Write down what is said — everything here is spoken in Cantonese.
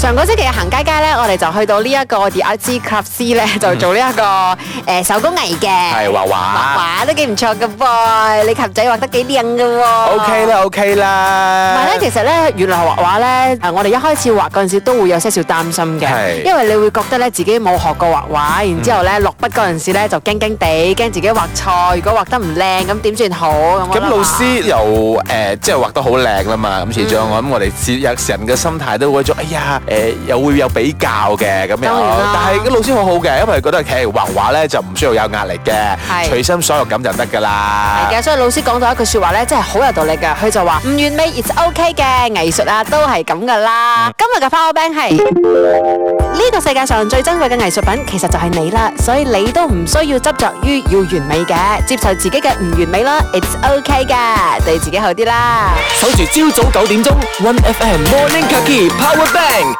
上個星期日行街街咧，我哋就去到呢一個 D R C Club C 咧，就做呢、這、一個、嗯呃、手工藝嘅，係畫畫，畫畫都幾唔錯㗎噃，你琴仔畫得幾靚㗎喎。誒又會有比較嘅咁樣，但係個老師好好嘅，因為佢覺得其實畫畫咧就唔需要有壓力嘅，隨心所欲咁就得噶啦。係嘅，所以老師講咗一句説話咧，真係好有道理㗎。佢就話唔完美，it's ok 嘅，藝術啊，都係咁噶啦。今日嘅 Power Bank 係呢個世界上最珍貴嘅藝術品，其實就係你啦，所以你都唔需要執著於要完美嘅，接受自己嘅唔完美囉，it's ok 嘅，對自己好啲啦。守住朝早九點鐘，One FM Morning Kaki Power Bank。